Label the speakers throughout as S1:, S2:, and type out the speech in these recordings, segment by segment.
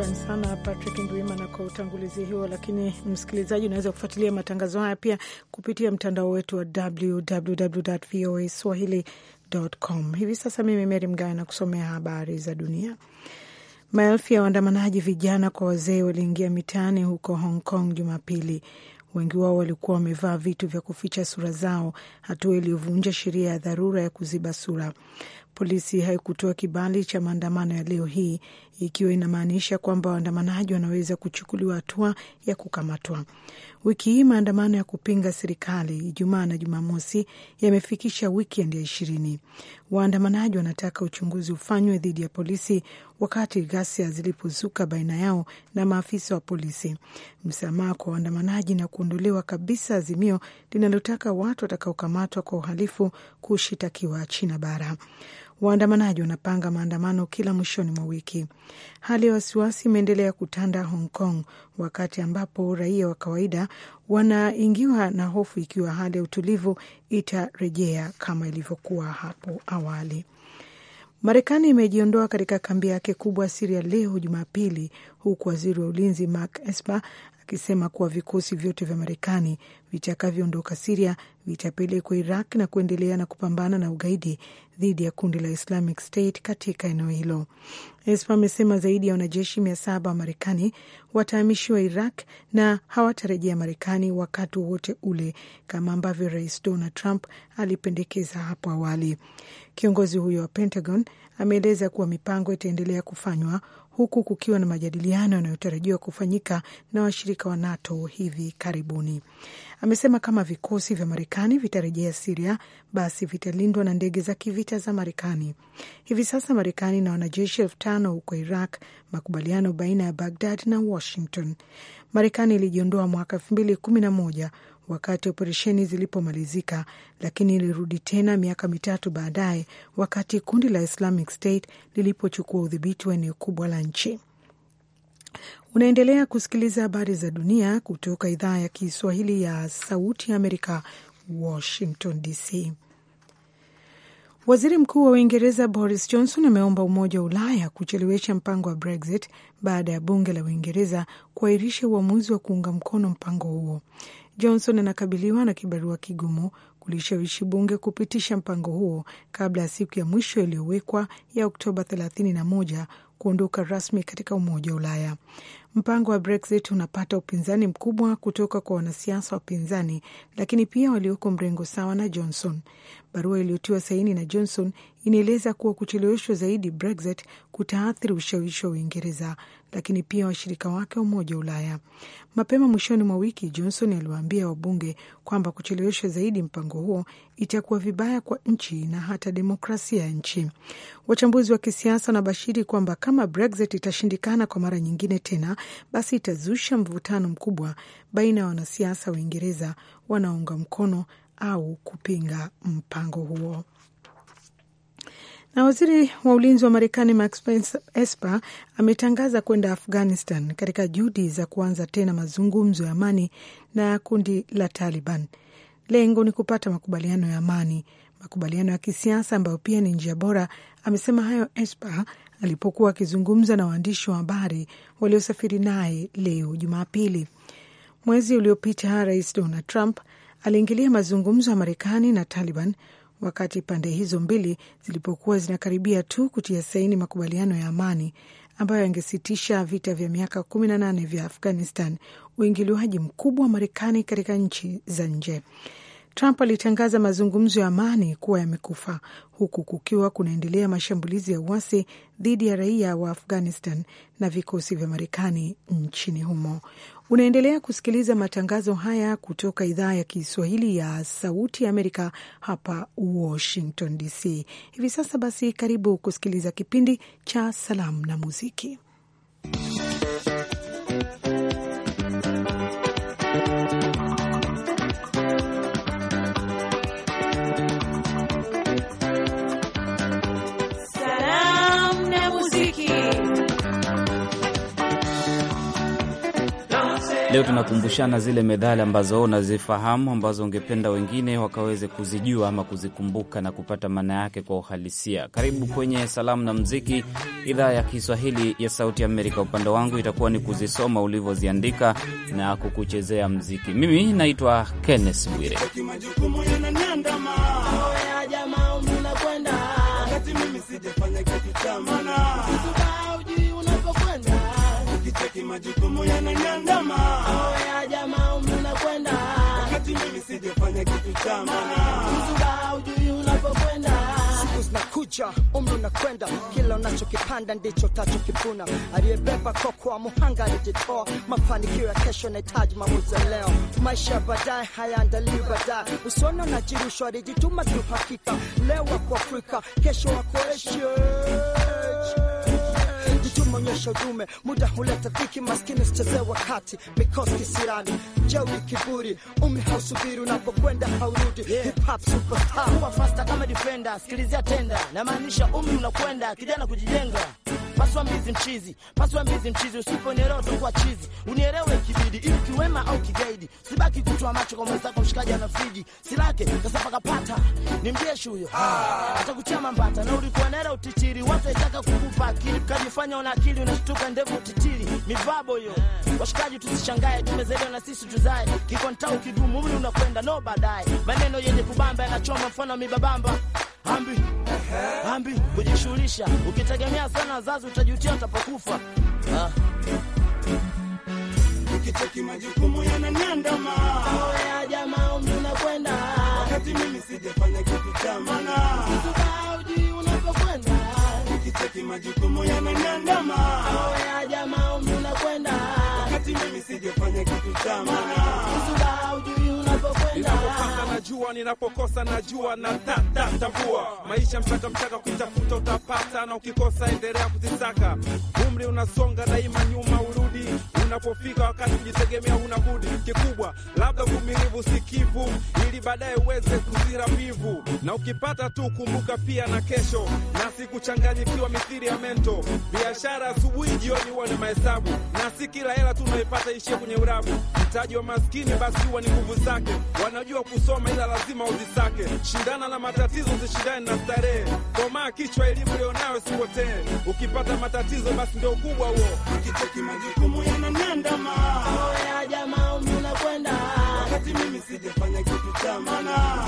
S1: Shukran sana Patrick Ndwimana kwa utangulizi huo. Lakini msikilizaji, unaweza kufuatilia matangazo haya pia kupitia mtandao wetu wa www.voaswahili.com. Hivi sasa mimi Meri Mgawe na kusomea habari za dunia. Maelfu ya waandamanaji vijana kwa wazee waliingia mitaani huko Hong Kong Jumapili. Wengi wao walikuwa wamevaa vitu vya kuficha sura zao, hatua iliyovunja sheria ya dharura ya kuziba sura polisi haikutoa kibali cha maandamano ya leo hii, ikiwa inamaanisha kwamba waandamanaji wanaweza kuchukuliwa hatua ya kukamatwa. Wiki hii maandamano ya kupinga serikali Ijumaa na Jumamosi yamefikisha wikendi ya ishirini. Waandamanaji wanataka uchunguzi ufanywe dhidi ya polisi wakati ghasia zilipozuka baina yao na maafisa wa polisi, msamaha kwa waandamanaji na kuondolewa kabisa azimio linalotaka watu watakaokamatwa kwa uhalifu kushitakiwa China bara waandamanaji wanapanga maandamano kila mwishoni mwa wiki. Hali ya wasiwasi imeendelea kutanda Hong Kong wakati ambapo raia wa kawaida wanaingiwa na hofu ikiwa hali ya utulivu itarejea kama ilivyokuwa hapo awali. Marekani imejiondoa katika kambi yake kubwa Siria leo Jumapili, huku waziri wa ulinzi Mark Esper akisema kuwa vikosi vyote vya Marekani vitakavyoondoka Siria vitapelekwa Iraq na kuendelea na kupambana na ugaidi dhidi ya kundi la Islamic State katika eneo hilo. ESPA amesema zaidi ya wanajeshi mia saba wa Marekani watahamishiwa Iraq na hawatarejea Marekani wakati wowote ule kama ambavyo Rais Donald Trump alipendekeza hapo awali. Kiongozi huyo wa Pentagon ameeleza kuwa mipango itaendelea kufanywa huku kukiwa na majadiliano yanayotarajiwa kufanyika na washirika wa NATO hivi karibuni. Amesema kama vikosi vya Marekani vitarejea Siria, basi vitalindwa na ndege za kivita vita za Marekani. Hivi sasa Marekani na wanajeshi elfu tano huko Iraq, makubaliano baina ya Bagdad na Washington. Marekani ilijiondoa mwaka elfu mbili kumi na moja wakati operesheni zilipomalizika, lakini ilirudi tena miaka mitatu baadaye wakati kundi la Islamic State lilipochukua udhibiti wa eneo kubwa la nchi. Unaendelea kusikiliza habari za dunia kutoka idhaa ya Kiswahili ya Sauti ya Amerika, Washington DC. Waziri Mkuu wa Uingereza Boris Johnson ameomba Umoja wa Ulaya kuchelewesha mpango wa Brexit baada ya bunge la Uingereza kuahirisha uamuzi wa kuunga mkono mpango huo. Johnson anakabiliwa na kibarua kigumu kulishawishi bunge kupitisha mpango huo kabla ya siku ya mwisho iliyowekwa ya Oktoba 31 kuondoka rasmi katika Umoja wa Ulaya. Mpango wa Brexit unapata upinzani mkubwa kutoka kwa wanasiasa wapinzani, lakini pia walioko mrengo sawa na Johnson. Barua iliyotiwa saini na Johnson inaeleza kuwa kucheleweshwa zaidi Brexit kutaathiri ushawishi wa Uingereza, lakini pia washirika wake wa Umoja wa Ulaya. Mapema mwishoni mwa wiki, Johnson aliwaambia wabunge kwamba kucheleweshwa zaidi mpango huo itakuwa vibaya kwa nchi na hata demokrasia ya nchi. Wachambuzi wa kisiasa wanabashiri kwamba kama Brexit itashindikana kwa mara nyingine tena, basi itazusha mvutano mkubwa baina ya wanasiasa wa Uingereza wanaounga mkono au kupinga mpango huo. Na waziri wa ulinzi wa Marekani Max Esper ametangaza kwenda Afghanistan katika juhudi za kuanza tena mazungumzo ya amani na kundi la Taliban. Lengo ni kupata makubaliano ya amani makubaliano ya kisiasa ambayo pia ni njia bora. Amesema hayo Esper alipokuwa akizungumza na waandishi wa habari waliosafiri naye leo Jumapili. Mwezi uliopita Rais Donald Trump aliingilia mazungumzo ya Marekani na Taliban wakati pande hizo mbili zilipokuwa zinakaribia tu kutia saini makubaliano ya amani ambayo yangesitisha vita vya miaka nane vya Afghanistan, uingiliwaji mkubwa wa Marekani katika nchi za nje. Trump alitangaza mazungumzo ya amani kuwa yamekufa huku kukiwa kunaendelea mashambulizi ya uasi dhidi ya raia wa Afghanistan na vikosi vya Marekani nchini humo. Unaendelea kusikiliza matangazo haya kutoka idhaa ya Kiswahili ya Sauti ya Amerika hapa Washington DC hivi sasa. Basi karibu kusikiliza kipindi cha Salamu na Muziki.
S2: leo tunakumbushana zile medhali ambazo unazifahamu ambazo ungependa wengine wakaweze kuzijua ama kuzikumbuka na kupata maana yake kwa uhalisia. Karibu kwenye salamu na mziki, idhaa ya Kiswahili ya Sauti Amerika. Upande wangu itakuwa ni kuzisoma ulivyoziandika na kukuchezea mziki. Mimi naitwa Kenneth Bwire
S3: majukumu yananiandama, ya jamaa umri kwenda wakati mimi sijafanya kitu cha maana, mzubaa ujui unapokwenda kucha zinakuja, umri unakwenda, kila unachokipanda ndicho tachokivuna. Aliyebeba kokoa muhanga alijitoa. Mafanikio ya kesho yanahitaji maamuzi ya leo. Maisha ya baadaye hayaandaliwi baadaye, usiona unajirushwa, alijituma tu. Hakika leo wako Afrika, kesho wako Asia kutuma onyesho udume, muda huleta dhiki, maskini sichezee wakati, mikosi kisirani, jeuri kiburi, umi hausubiri, unapokwenda haurudi. Hip hop superstar, kuwa faster kama defender, sikilizia tenda, namaanisha umi unakwenda, kijana kujijenga paswa mbizi mchizi, paswa mbizi mchizi, usiponielewa kwa chizi. Unielewe kibidi, ili kiwema au kigaidi, sibaki kutoa macho kwa mwenzako. Mshikaji ana friji silake paka pata ni mjeshi huyo ah. atakutia mambata, na ulikuwa naela utitiri watu aitaka kukupa akili, kajifanya una akili, unashtuka ndevu utitiri, mibabo hiyo. Washikaji tusishangae, tumezelewa na sisi tuzae, kikontau kigumu, huyu unakwenda no baadaye, maneno yenye kubamba yanachoma, mfano mibabamba ambi ambi kujishughulisha. Ukitegemea sana wazazi, utajutia utapokufa. Nikicheki majukumu yananiandama, oya jamaa umri unakwenda, wakati mimi sijafanya kitu cha maana. Ujui unapokwenda, nikicheki majukumu yananiandama, oya jamaa umri unakwenda, wakati mimi sijafanya kitu cha maana ninapokosa najua, ninapokosa najua, na tatambua maisha mchaka mchaka, ukitafuta utapata, na ukikosa endelea kuzisaka. Umri unasonga daima, nyuma urudi unapofika wakati kujitegemea unabudi. Kikubwa labda uvumilivu, sikivu, ili baadaye uweze kuzira mivu, na ukipata tu kumbuka pia na kesho, na sikuchanganyikiwa mithiri ya mento. Biashara asubuhi, jioni huwa na mahesabu, na si kila hela tu unaipata ishie kwenye urabu. Mtaji wa maskini basi huwa ni nguvu zake wake wanajua kusoma, ila lazima uzisake. Shindana na matatizo, usishindane na starehe. Komaa kichwa, elimu lionayo sipotee. Ukipata matatizo, basi ndio ukubwa huo. Kicheki majukumu yananiandama, oya jamaa, umekwenda wakati mimi sijafanya kitu cha maana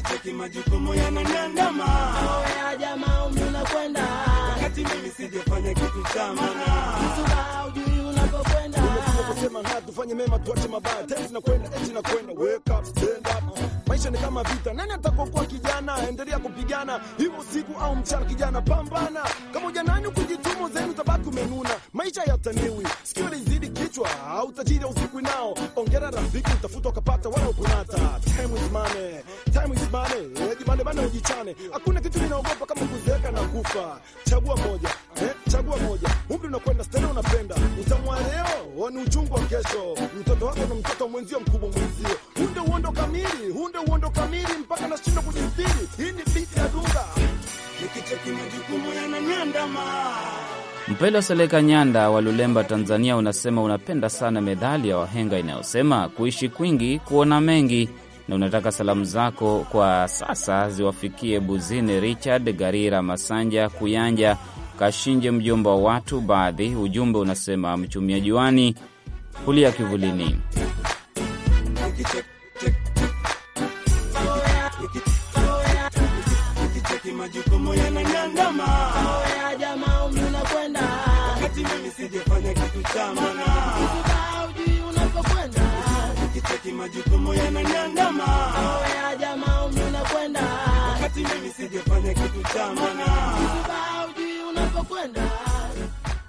S3: ukicheki majukumu yananiandama, hao ya jamaa umi unakwenda, wakati mimi sijafanya kitu cha maana, msuba ujui unapokwenda, umekuja kusema hatufanye mema tuache mabaya, tena tunakwenda eti kwenda, wake up stand up Maisha ni kama vita, nani atakokuwa kijana? Endelea kupigana hiyo siku au mchana, kijana pambana kama uja ujanani, kujitumu zenu tabaki umenuna. Maisha yataniwi sikio lizidi kichwa, au utajiri usiku nao. Ongera rafiki, utafutwa ukapata wala ukunata. Time is money, time is jibane, eh, jibane bana ujichane. Hakuna kitu ninaogopa kama kuzeeka na kufa. Chagua moja, eh, chagua moja. Umri unakwenda stare unapenda. Utamwa leo, ni uchungu wa kesho. Mtoto wako na mtoto mwenzio mkubwa mwenzio. Hunde uondo kamili, hunde uondo kamili mpaka nashindwa kujistiri. Hii ni biti ya dunga. Nikicheki majukumu yananiandama.
S2: Mpelo Seleka Nyanda wa Lulemba, Tanzania, unasema unapenda sana methali ya wahenga inayosema kuishi kwingi kuona mengi na unataka salamu zako kwa sasa ziwafikie Buzini Richard Garira, Masanja Kuyanja, Kashinje, mjomba wa watu baadhi. Ujumbe unasema mchumia juani hulia kivulini.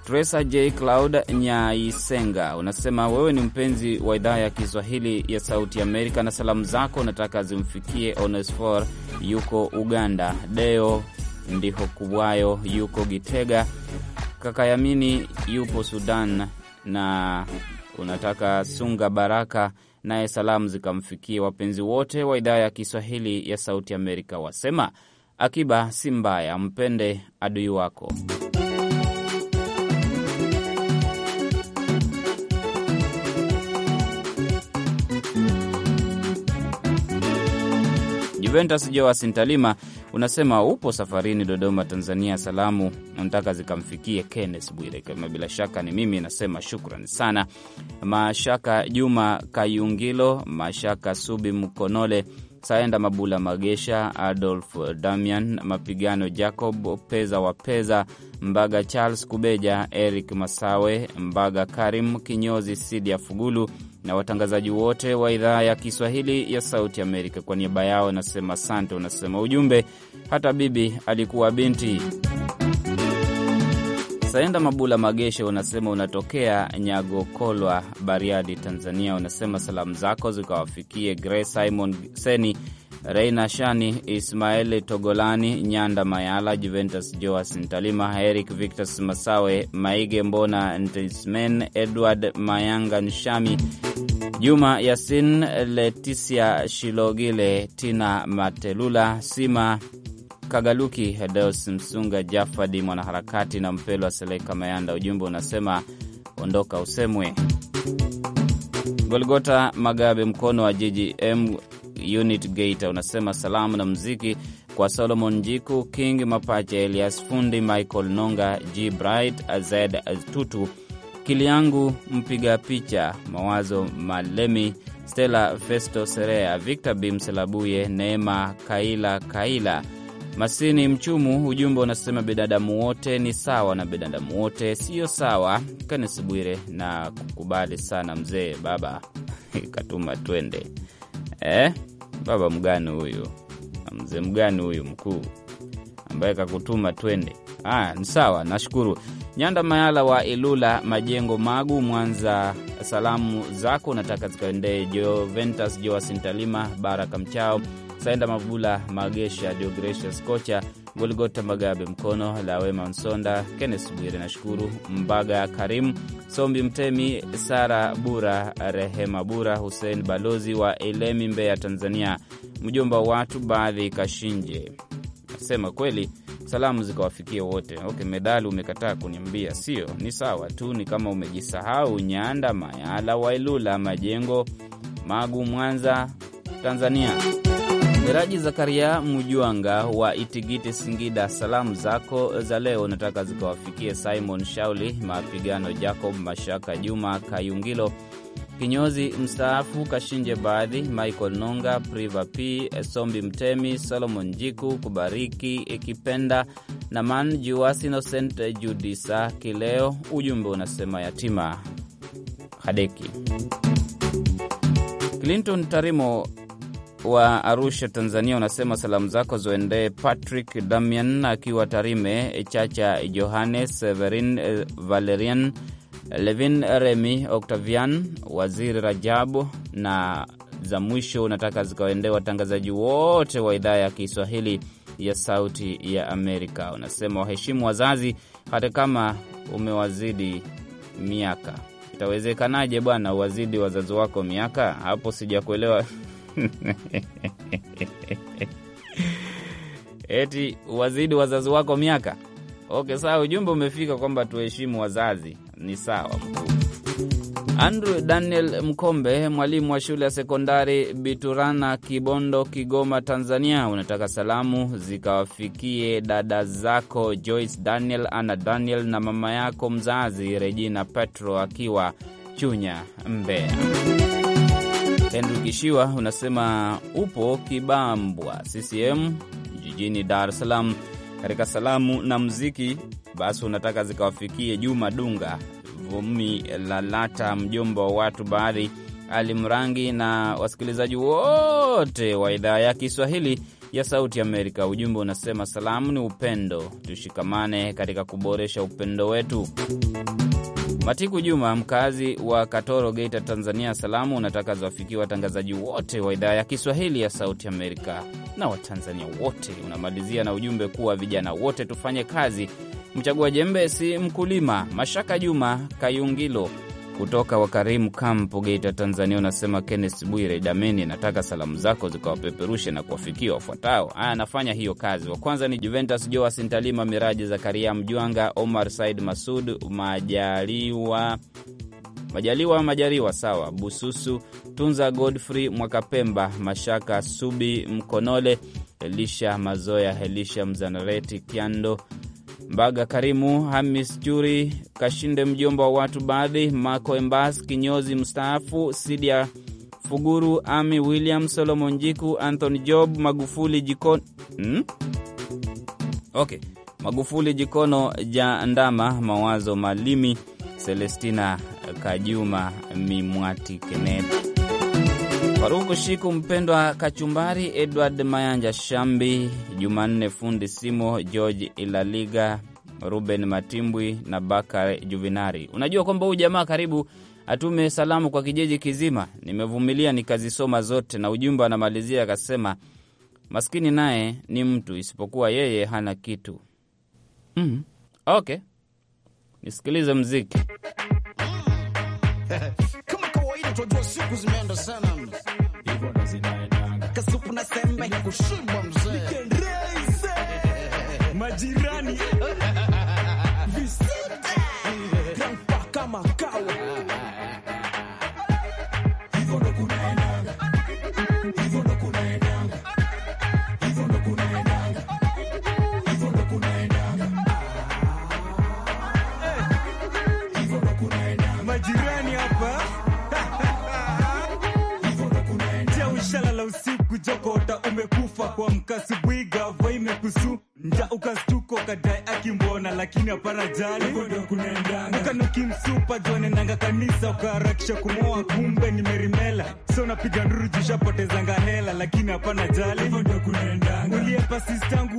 S2: Tresa J Cloud Nyaisenga unasema wewe ni mpenzi wa idhaa ya Kiswahili ya Sauti Amerika, na salamu zako unataka zimfikie Onesfor yuko Uganda, Deo Ndiho Kubwayo yuko Gitega, Kakayamini yupo Sudan, na unataka Sunga Baraka naye salamu zikamfikia wapenzi wote wa idhaa ya Kiswahili ya Sauti Amerika, wasema akiba si mbaya, mpende adui wako. Juventus Joas Ntalima unasema upo safarini Dodoma, Tanzania. Salamu nataka zikamfikie Kenneth Bwire, kama bila shaka ni mimi. Nasema shukrani sana Mashaka Juma Kayungilo, Mashaka Subi Mkonole, Saenda Mabula Magesha, Adolf Damian Mapigano, Jacob Peza wa Peza, Mbaga Charles Kubeja, Eric Masawe Mbaga, Karim Kinyozi, Sidia Fugulu na watangazaji wote wa idhaa ya Kiswahili ya Sauti Amerika. Kwa niaba yao nasema asante. Unasema ujumbe hata bibi alikuwa binti. Saenda Mabula Magesha unasema unatokea Nyagokolwa, Bariadi, Tanzania. Unasema salamu zako zikawafikie Grace Simon Seni Reina Shani, Ismael Togolani, Nyanda Mayala, Juventus Joas Ntalima, Eric victos Masawe, Maige Mbona, Ntismen Edward Mayanga, Nshami Juma Yasin, Leticia Shilogile, Tina Matelula, Sima Kagaluki, hedeus Msunga, Jafadi mwanaharakati na Mpelwa Seleka Mayanda. Ujumbe unasema ondoka usemwe. Golgota Magabe, mkono wa jiji M Unit gate unasema salamu na mziki kwa Solomon jiku King Mapacha, Elias Fundi, Michael Nonga, G Bright, Azed kili Kiliangu mpiga picha, Mawazo Malemi, Stella Festo Serea, Victor Bimselabuye, Neema Kaila Kaila, Masini Mchumu. Ujumbe unasema binadamu wote ni sawa na binadamu wote siyo sawa. Kanisi Bwire na kukubali sana mzee baba Katuma, twende eh? baba mgani huyu mzee mgani huyu mkuu ambaye kakutuma twende? Ah, ni sawa, nashukuru. Nyanda Mayala wa Ilula Majengo, Magu, Mwanza, salamu zako nataka zikaendee Joventus Joasintalima Baraka Mchao Saenda Mavula Magesha Diogratius Kocha Golgota Magabe Mkono, Lawe Mansonda, Kennes Bwire, nashukuru Mbaga Karimu, Sombi Mtemi, Sara Bura, Rehema Bura, Hussein balozi wa Elemi, Mbeya, Tanzania, mjomba wa watu baadhi Kashinje. Nasema kweli salamu zikawafikia wote. Okay, medali umekataa kuniambia, sio? Ni sawa tu, ni kama umejisahau. Nyanda Mayala, Wailula Majengo, Magu, Mwanza, Tanzania. Miraji Zakaria Mujwanga wa Itigiti, Singida, salamu zako za leo nataka zikawafikie Simon Shauli Mapigano, Jacob Mashaka, Juma Kayungilo kinyozi mstaafu, Kashinje Baadhi, Michael Nonga, Priva P, Sombi Mtemi, Solomon Jiku, Kubariki Ikipenda na Man Juas, Innocent Judisa Kileo. Ujumbe unasema yatima hadeki. Clinton Tarimo wa Arusha, Tanzania, unasema salamu zako zoendee Patrick Damian akiwa Tarime, Chacha Johannes, Severin eh, Valerian, Levin Remy, Octavian Waziri, Rajabu na za mwisho unataka zikawaendee watangazaji wote wa idhaa ya Kiswahili ya Sauti ya Amerika. Unasema waheshimu wazazi hata kama umewazidi miaka. Itawezekanaje bwana uwazidi wazazi wako miaka? Hapo sijakuelewa. eti wazidi wazazi wako miaka. Ok, sawa, ujumbe umefika kwamba tuheshimu wazazi, ni sawa. Andrew Daniel Mkombe, mwalimu wa shule ya sekondari Biturana, Kibondo, Kigoma, Tanzania, unataka salamu zikawafikie dada zako Joyce Daniel, Ana Daniel na mama yako mzazi Regina Petro akiwa Chunya, Mbeya. Henry Kishiwa unasema upo Kibambwa CCM jijini Dar es Salaam, katika salamu na mziki basi unataka zikawafikie Juma Dunga, Vumi Lalata, mjomba wa watu baadhi, Ali Mrangi na wasikilizaji wote wa idhaa ya Kiswahili ya Sauti Amerika. Ujumbe unasema salamu ni upendo, tushikamane katika kuboresha upendo wetu. Matiku Juma, mkazi wa Katoro, Geita, Tanzania, salamu unataka ziwafikia watangazaji wote wa idhaa ya Kiswahili ya Sauti Amerika na Watanzania wote. Unamalizia na ujumbe kuwa vijana wote tufanye kazi, mchagua jembe si mkulima. Mashaka Juma Kayungilo kutoka Wakarimu Kampo, Geita, Tanzania, unasema kennes Bwire Dameni, nataka salamu zako zikawapeperushe na kuwafikia wafuatao. Haya, anafanya hiyo kazi. Wa kwanza ni Juventus Joas Ntalima, Miraji Zakaria Mjwanga, Omar Said Masud Majaliwa Majaliwa Majaliwa, sawa, Bususu Tunza, Godfrey Mwakapemba, Mashaka Subi Mkonole, Elisha Mazoya, Elisha Mzanareti Kyando Mbaga Karimu, Hamis Juri Kashinde, mjomba wa watu baadhi, Mako Embas kinyozi mstaafu, Sidia Fuguru, Ami William, Solomon Jiku, Anthony Job, Magufuli Jikono hmm? okay. Magufuli Jikono ja Ndama, Mawazo Malimi, Celestina Kajuma, Mimwati Kenedi Faruku Shiku, Mpendwa Kachumbari, Edward Mayanja Shambi, Jumanne Fundi Simo, George Ilaliga, Ruben Matimbwi na Bakar Juvinari. Unajua kwamba huyu jamaa karibu atume salamu kwa kijiji kizima. Nimevumilia nikazisoma zote, na ujumbe anamalizia akasema, maskini naye ni mtu, isipokuwa yeye hana kitu. Mm, okay, nisikilize mziki
S4: Tunajua siku zimeenda sana,
S3: kasupu na sembe kushibwa mzee majirani jokota umekufa kwa mkasi bwiga vo imekusu nja ukastuko kadai akimbona lakini hapana jali jone nanga kanisa ukaharakisha kumoa kumbe merimela so napiga nduru jushapotezanga hela lakini hapana jali uliepasistang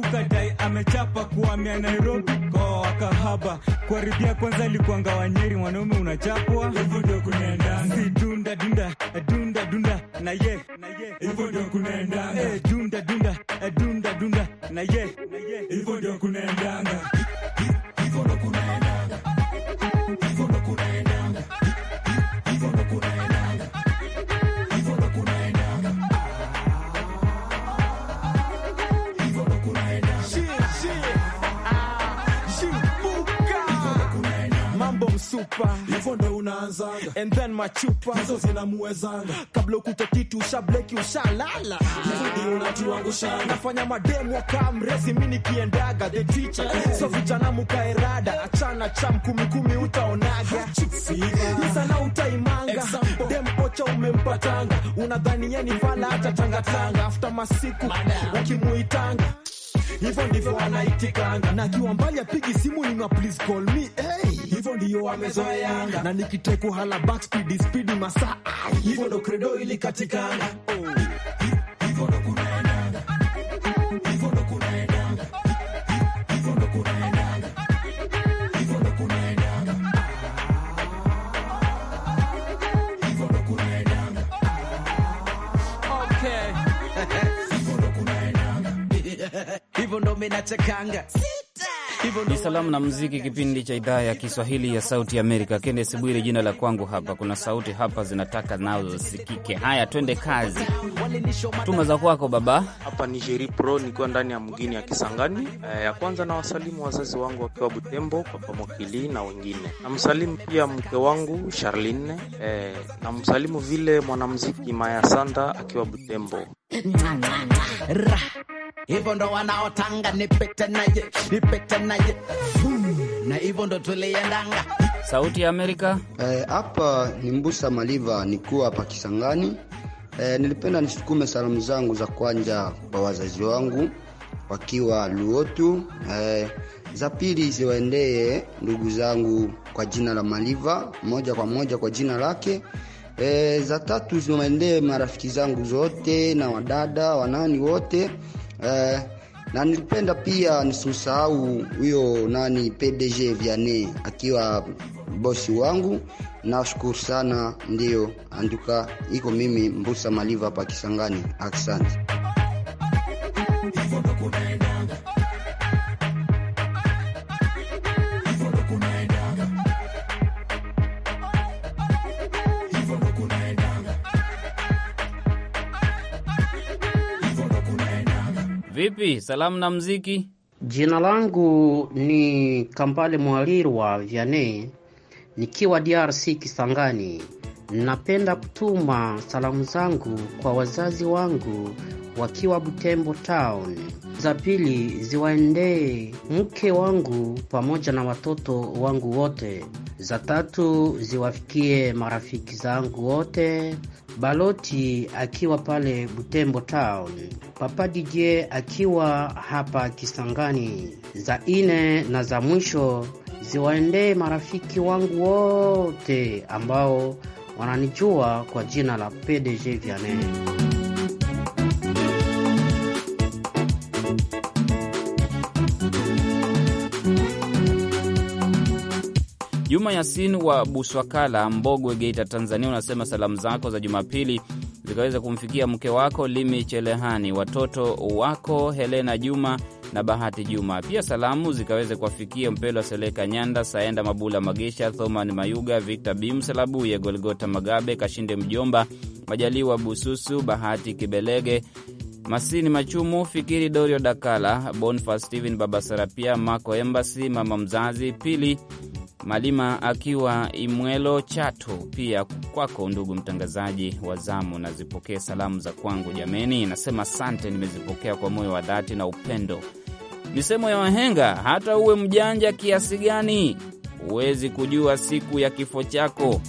S3: amechapa kuhamia Nairobi kwa wakahaba kuharibia. Kwanza alikuanga Wanyeri, mwanaume unachapwa hivyo ndio kunaenda, si dunda dunda dunda dunda na ye hivyo ndio
S4: kunaenda, eh dunda dunda dunda dunda na ye hivyo
S3: chupa hivyo ndo unaanzanga,
S4: and then machupa hizo zinamuwezanga, kabla ukute kitu ushableki ushalala, hivyo ndio unatuangushanga. Nafanya mademu wakamrezi mi nikiendaga the teacher,
S3: so vijana mukaerada, achana cham kumikumi utaonaga sana utaimanga dem ocha umempatanga, unadhani yeni fala hata tangatanga, after masiku wakimuitanga hivyo ndivyo anaitikanga, na akiwa mbali apigi simu nina please call me hey, hivyo ndiyo amezoeanga, na nikiteku hala back speed speed masaa hivyo ndo credo ilikatikana, oh! hivyo ndo kuna hivyo ndo menatakanga
S2: ni salamu na mziki kipindi cha idhaa ya Kiswahili ya Sauti Amerika. Kende Sibwiri jina la kwangu hapa. Kuna sauti hapa zinataka nazo zisikike. Haya, twende kazi, tuma za kwako baba. Hapa ni Jeri Pro, nikiwa ndani ya mgini ya Kisangani. E, ya kwanza na wasalimu wazazi wangu wakiwa Butembo, Papa Mwakili na wengine. Namsalimu pia mke wangu Charline.
S3: E, namsalimu vile mwanamziki Maya Sanda akiwa Butembo hivyo ndo wanaotanga nipite naye nipite
S2: naye hmm, na hivyo ndo tuliendanga. Sauti ya Amerika eh, hapa. Eh, ni Mbusa Maliva nikuwa hapa Kisangani. Eh, nilipenda nisukume salamu zangu za kwanja kwa wazazi wangu wakiwa Luotu. Eh, za pili ziwaendee ndugu zangu kwa jina la Maliva moja kwa moja kwa jina lake. E, za tatu ziwaendee marafiki zangu zote na wadada wanani wote eh, na nilipenda pia nisimsahau huyo nani PDG Vianney akiwa bosi wangu. Nashukuru sana, ndiyo anduka iko mimi Mbusa Maliva hapa Kisangani. Asante. Vipi, salamu na mziki? Jina langu ni Kambale Mwalirwa Vyane, nikiwa DRC Kisangani. Napenda kutuma salamu zangu kwa wazazi wangu wakiwa Butembo Town. Za pili ziwaendee mke wangu pamoja na watoto wangu wote. Za tatu ziwafikie marafiki zangu wote, Baloti akiwa pale Butembo Town, Papa DJ akiwa hapa Kisangani. Za ine na za mwisho ziwaendee marafiki wangu wote ambao wananijua kwa jina la PDG Vianney. Juma Yasin wa Buswakala, Mbogwe, Geita, Tanzania, unasema salamu zako za Jumapili zikaweza kumfikia mke wako Limi Chelehani, watoto wako Helena Juma na Bahati Juma. Pia salamu zikaweze kuwafikia Mpelwa Seleka Nyanda, Saenda Mabula Magesha, Thoman Mayuga, Victor Bimselabuye, Golgota Magabe, Kashinde Mjomba, Majaliwa Bususu, Bahati Kibelege, Masini Machumu, Fikiri Dorio Dakala, Bonfa Steven, Babasarapia, Mako mama mzazi Pili Malima akiwa Imwelo Chato. Pia kwako ndugu mtangazaji wa zamu, nazipokee salamu za kwangu. Jameni, nasema asante, nimezipokea kwa moyo wa dhati na upendo. Misemo ya wahenga, hata uwe mjanja kiasi gani, huwezi kujua siku ya kifo chako.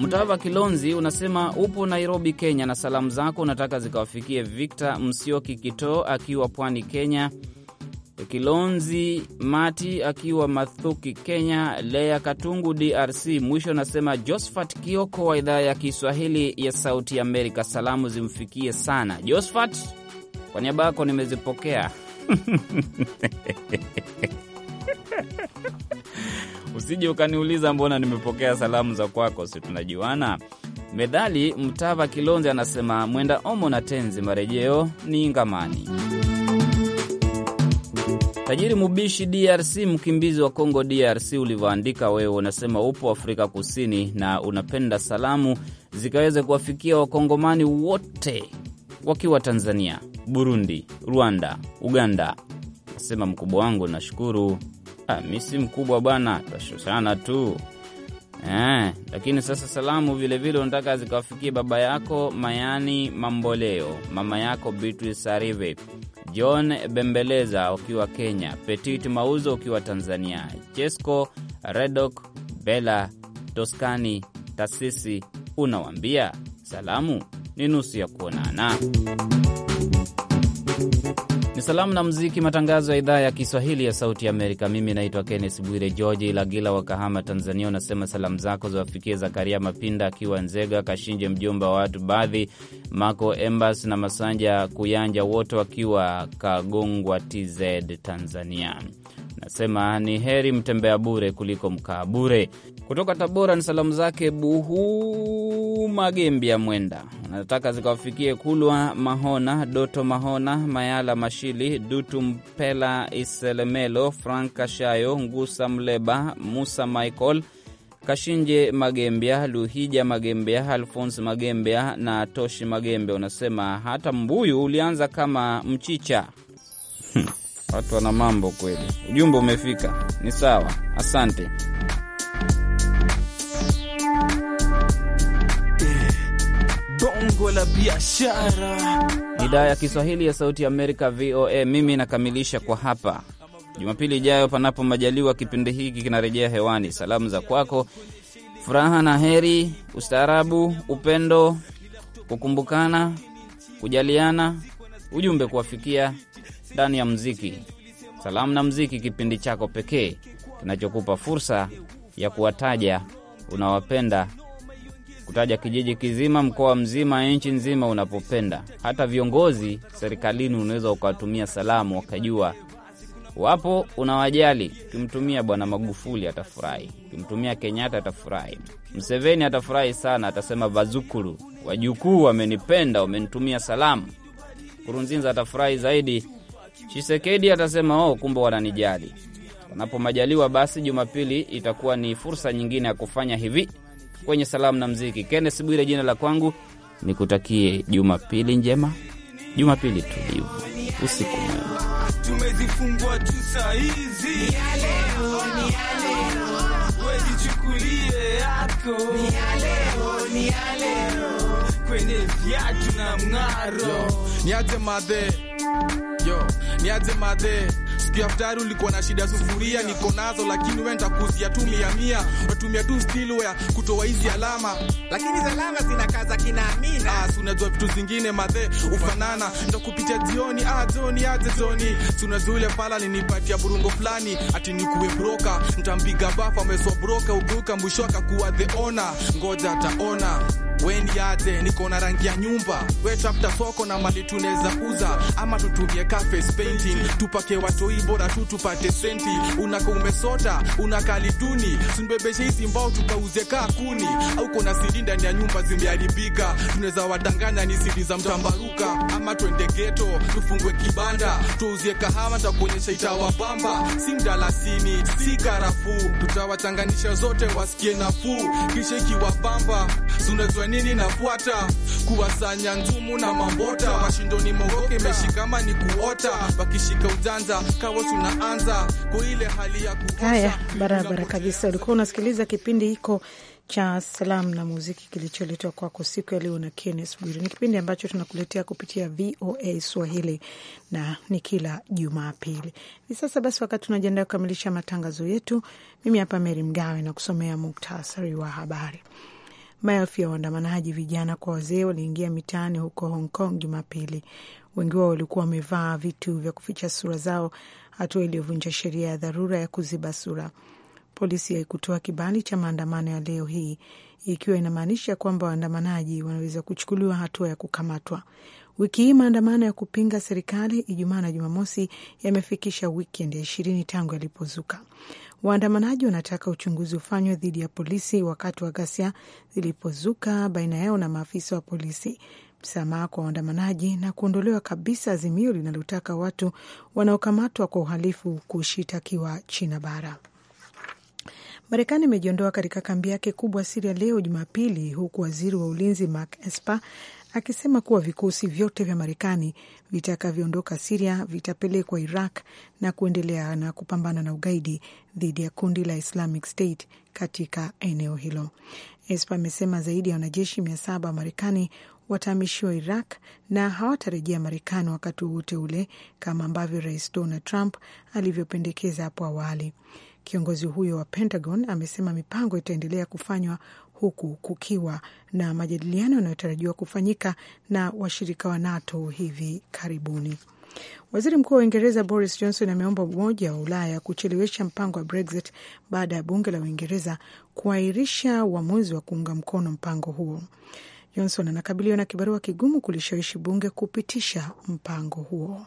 S2: Mtava Kilonzi unasema upo Nairobi, Kenya, na salamu zako unataka zikawafikie Victor Msioki Kitoo akiwa Pwani, Kenya, Kilonzi Mati akiwa Mathuki, Kenya, Lea Katungu, DRC. Mwisho anasema Josphat Kioko wa idhaa ya Kiswahili ya Sauti Amerika, salamu zimfikie sana Josphat kwa niaba yako nimezipokea. Usije ukaniuliza mbona nimepokea salamu za kwako, si tunajuana. Medhali Mtava kilonzi anasema mwenda omo na tenzi marejeo ni ngamani. Tajiri Mubishi DRC, mkimbizi wa Kongo DRC, ulivyoandika wewe, unasema upo Afrika Kusini na unapenda salamu zikaweze kuwafikia Wakongomani wote wakiwa Tanzania, Burundi, Rwanda, Uganda. Nasema mkubwa wangu, nashukuru. Ah, mi si mkubwa bwana, tashushana tu eh. Lakini sasa salamu vilevile unataka zikawafikie baba yako Mayani Mamboleo, mama yako Beatrice Sarive, John Bembeleza ukiwa Kenya, Petit Mauzo ukiwa Tanzania, Chesco Redok Bela Toskani Tasisi, unawambia salamu ni nusu ya kuonana. Ni salamu na mziki, matangazo ya idhaa ya Kiswahili ya Sauti ya Amerika. Mimi naitwa Kennes Bwire. George lagila wa Kahama, Tanzania, unasema salamu zako zawafikia Zakaria Mapinda akiwa Nzega, Kashinje mjomba wa watu baadhi, Mako Embas na Masanja Kuyanja, wote wakiwa Kagongwa, TZ, Tanzania. Nasema ni heri mtembea bure kuliko mkaa bure. Kutoka Tabora ni salamu zake buhuu magembia Mwenda anataka zikawafikie Kulwa Mahona, Doto Mahona, Mayala Mashili, Dutu Mpela, Iselemelo, Frank Kashayo, Ngusa Mleba, Musa Michael Kashinje magembia Luhija Magembia, Alfons Magembia na Toshi Magembya. Unasema hata mbuyu ulianza kama mchicha. Watu wana mambo kweli. Ujumbe umefika, ni sawa, asante. lengo la biashara. Idhaa ya Kiswahili ya Sauti ya Amerika, VOA. Mimi nakamilisha kwa hapa. Jumapili ijayo, panapo majaliwa, kipindi hiki kinarejea hewani. Salamu za kwako, furaha na heri, ustaarabu, upendo, kukumbukana, kujaliana, ujumbe kuwafikia ndani ya mziki. Salamu na mziki, kipindi chako pekee kinachokupa fursa ya kuwataja unawapenda kutaja kijiji kizima, mkoa mzima, nchi nzima unapopenda. Hata viongozi serikalini unaweza ukawatumia salamu, wakajua wapo unawajali. Ukimtumia Bwana Magufuli atafurahi, ukimtumia Kenyatta atafurahi, Mseveni atafurahi sana, atasema vazukuru, wajukuu wamenipenda, wamenitumia salamu. Kurunzinza atafurahi zaidi. Chisekedi atasema oh, kumbe wananijali. Wanapomajaliwa basi, Jumapili itakuwa ni fursa nyingine ya kufanya hivi kwenye salamu na mziki. Kenneth Bwire jina la kwangu, nikutakie jumapili njema, jumapili tulivu, usiku mwema.
S3: Tumezifungwa tu saa hizi, wejichukulie yako
S4: kwenye viatu na mng'aro, niaje madhe yo, niaje madhe siku ya futari ulikuwa na shida sufuria niko nazo, lakini wewe nitakuzia tu mia mia, watumia tu stilware kutoa hizi alama, lakini zina kaza kina Amina. Ah, unajua vitu zingine madhe ufanana, nitakupitia jioni, ah jioni, ah jioni, tunazule pala ninipatia burungo fulani, ati nikuwe broka, nitampiga bafa, ameswa broka ubuka, mwisho akakuwa the owner, ngoja ataona weni aje, niko na rangi ya nyumba, we tafuta soko na mali tunaweza kuza, ama tutumie cafe painting, tupake watoi bora tu tupate senti. unako umesota unakali duni, tunibebeshe hizi mbao tukauze kaa kuni, au kuna sidi ndani ya nyumba zimeharibika, tunaweza wadanganya ni sidi za mtambaruka, ama twende geto tufungwe kibanda tuuzie kahawa, takuonyesha itawabamba, si mdalasini si karafuu, tutawachanganisha zote wasikie nafuu, kisha ikiwabamba nini nafuata kuwasanya ngumu na mambota mashindoni mogoke meshikama ni kuota wakishika ujanja kawa tunaanza kwa ile hali ya kuosha.
S1: barabara kabisa. Ulikuwa unasikiliza kipindi hiko cha salamu na muziki kilicholetwa kwako siku ya leo na Kennes Bwiri. Ni kipindi ambacho tunakuletea kupitia VOA Swahili na ni kila Jumapili. Ni sasa basi, wakati tunajiandaa kukamilisha matangazo yetu, mimi hapa Meri Mgawe na kusomea muktasari wa habari. Maelfu ya waandamanaji vijana kwa wazee waliingia mitaani huko Hong Kong Jumapili. Wengi wao walikuwa wamevaa vitu vya kuficha sura zao, hatua iliyovunja sheria ya dharura ya kuziba sura. Polisi haikutoa kibali cha maandamano ya leo hii, ikiwa inamaanisha kwamba waandamanaji wanaweza kuchukuliwa hatua ya kukamatwa. Wiki hii maandamano ya kupinga serikali Ijumaa na Jumamosi yamefikisha wikendi ya ishirini tangu yalipozuka. Waandamanaji wanataka uchunguzi ufanywe dhidi ya polisi wakati wa ghasia zilipozuka baina yao na maafisa wa polisi, msamaha kwa waandamanaji na kuondolewa kabisa azimio linalotaka watu wanaokamatwa kwa uhalifu kushitakiwa China bara. Marekani imejiondoa katika kambi yake kubwa Siria leo Jumapili, huku waziri wa ulinzi Mark Esper akisema kuwa vikosi vyote vya Marekani vitakavyoondoka Siria vitapelekwa Iraq na kuendelea na kupambana na ugaidi dhidi ya kundi la Islamic State katika eneo hilo. Esper amesema zaidi ya wanajeshi mia saba wa Marekani watahamishiwa Iraq na hawatarejea Marekani wakati wowote ule kama ambavyo Rais Donald Trump alivyopendekeza hapo awali. Kiongozi huyo wa Pentagon amesema mipango itaendelea kufanywa huku kukiwa na majadiliano yanayotarajiwa kufanyika na washirika wa NATO hivi karibuni. Waziri Mkuu wa Uingereza Boris Johnson ameomba Umoja wa Ulaya kuchelewesha mpango wa Brexit baada ya bunge la Uingereza kuahirisha uamuzi wa kuunga mkono mpango huo. Johnson anakabiliwa na kibarua kigumu kulishawishi bunge kupitisha mpango huo.